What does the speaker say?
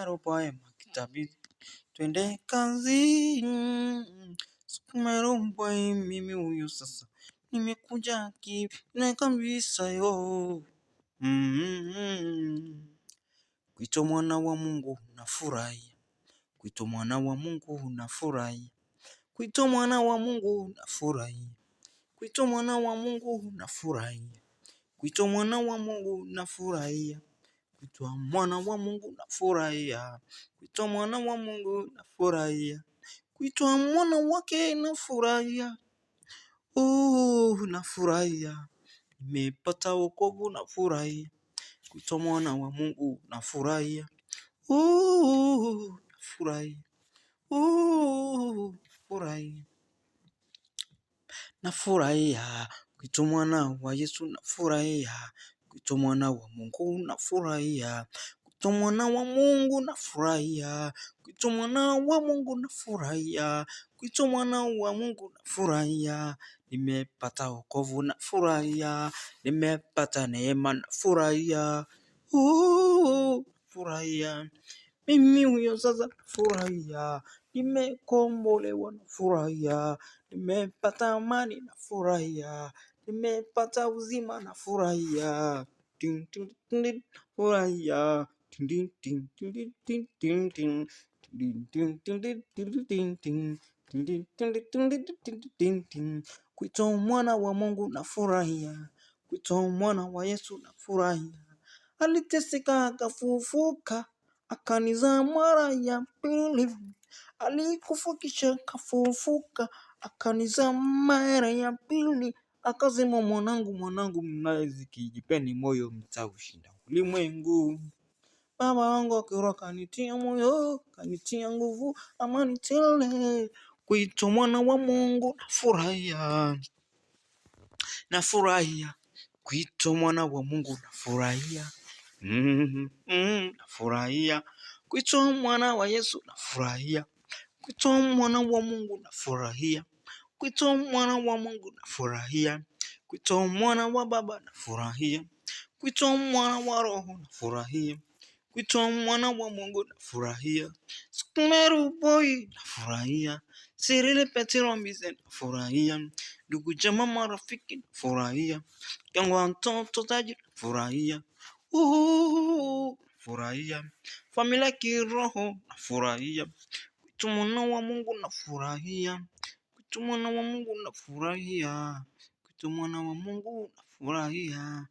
Kero boy maktabini, twende kazini. Sukuma mimi huyu sasa nimekuja kipya kabisa yo. Kuitwa mwana wa Mungu nafurahia kuitwa mwana wa Mungu nafurahi, kuitwa mwana wa Mungu nafurahi, kuitwa mwana wa Mungu nafurahia kuitwa mwana wa Mungu nafurahi. Kuitwa mwana wa Mungu nafurahia, kuitwa mwana wa Mungu nafurahia, kuitwa mwana wake nafurahia. Uh, nafurahia, nimepata wokovu nafurahia, kuitwa mwana wa Mungu nafurahia. Uh, nafurahia, uh, nafurahia, nafurahia, kuitwa mwana wa Yesu nafurahia kuitwa mwana wa Mungu nafurahia, kuitwa mwana wa Mungu nafurahia, kuitwa mwana wa Mungu nafurahia, kuitwa mwana wa Mungu nafurahia. Nimepata wokovu nafurahia, nimepata neema nafurahia, furahia mimi huyo sasa furahia, nimekombolewa nafurahia, nimepata amani nafurahia nimepata uzima na furahia, furahia. kwito Kuitwa mwana wa Mungu na furahia, kuitwa mwana wa Yesu na furahia. Aliteseka akafufuka, akanizaa mara ya pili, alikufa kisha akafufuka, akanizaa mara ya pili. Akasema, mwanangu, mwanangu, mnazi kijipeni moyo mtaushinda ulimwengu. Baba wangu akirwa kanitia moyo, kanitia nguvu, amani tele, kuitwa mwana wa Mungu nafurahia, nafurahia kuitwa mwana wa Mungu nafurahia. Mm, mm, nafurahia kuitwa mwana wa Yesu nafurahia, kuitwa mwana wa Mungu nafurahia. Kuitwa mwana wa Mungu na furahia kuitwa mwana wa Baba na furahia kuitwa mwana wa Roho nafurahia, kuitwa mwana wa Mungu nafurahia, Sukumeru Boy furahia Sirili Petro Mbize nafurahia, ndugu jamaa marafiki nafurahia, furahia, wa mtoto Taji na furahia, furahia familia kiroho furahia, kuitwa mwana wa Mungu nafurahia. Mtu mwana wa Mungu nafurahia, kitu mwana wa Mungu nafurahia.